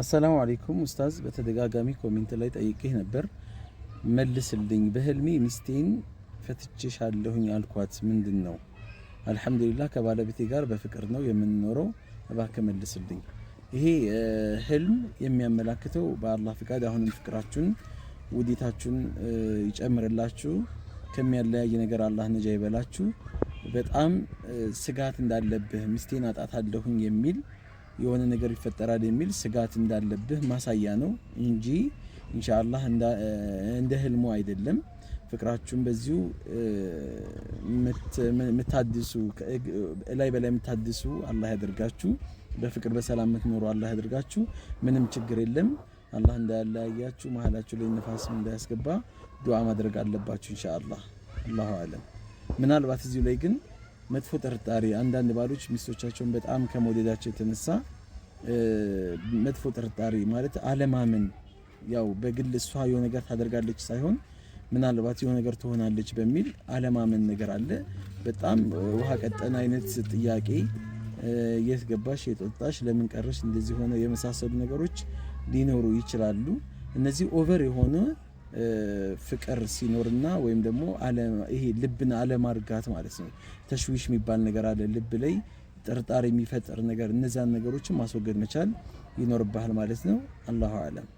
አሰላሙ አሌይኩም ኡስታዝ፣ በተደጋጋሚ ኮሜንት ላይ ጠይቄህ ነበር፣ መልስልኝ። በህልሜ ሚስቴን ፈትቼሻለሁኝ አልኳት። ምንድን ነው? አልሐምዱሊላህ ከባለቤቴ ጋር በፍቅር ነው የምንኖረው። እባክህ መልስልኝ። ይሄ ህልም የሚያመላክተው በአላህ ፍቃድ አሁንም ፍቅራችሁን ውዴታችሁን ይጨምርላችሁ፣ ከሚያለያይ ነገር አላህ ነጃ ይበላችሁ። በጣም ስጋት እንዳለብህ ሚስቴን አጣታለሁኝ የሚል የሆነ ነገር ይፈጠራል የሚል ስጋት እንዳለብህ ማሳያ ነው እንጂ ኢንሻአላህ እንደ ህልሙ አይደለም። ፍቅራችሁን በዚሁ ምታድሱ ላይ በላይ የምታድሱ አላህ ያደርጋችሁ። በፍቅር በሰላም የምትኖሩ አላህ ያደርጋችሁ። ምንም ችግር የለም። አላህ እንዳያለያያችሁ፣ መሀላችሁ ላይ ነፋስም እንዳያስገባ ዱዓ ማድረግ አለባችሁ። ኢንሻአላህ አላሁ አለም። ምናልባት እዚሁ ላይ ግን መጥፎ ጥርጣሬ አንዳንድ ባሎች ሚስቶቻቸውን በጣም ከመውደዳቸው የተነሳ መጥፎ ጥርጣሬ ማለት አለማመን፣ ያው በግል እሷ የሆነ ነገር ታደርጋለች ሳይሆን ምናልባት የሆነ ነገር ትሆናለች በሚል አለማመን ነገር አለ። በጣም ውሃ ቀጠን አይነት ጥያቄ፣ የት ገባሽ፣ የት ወጣሽ፣ ለምን ቀረሽ፣ እንደዚህ ሆነ የመሳሰሉ ነገሮች ሊኖሩ ይችላሉ። እነዚህ ኦቨር የሆነ ፍቅር ሲኖርና ወይም ደግሞ ይሄ ልብን አለማርጋት ማለት ነው። ተሽዊሽ የሚባል ነገር አለ ልብ ላይ ጥርጣሬ የሚፈጥር ነገር፣ እነዛን ነገሮችን ማስወገድ መቻል ይኖርብሃል ማለት ነው። አላሁ አለም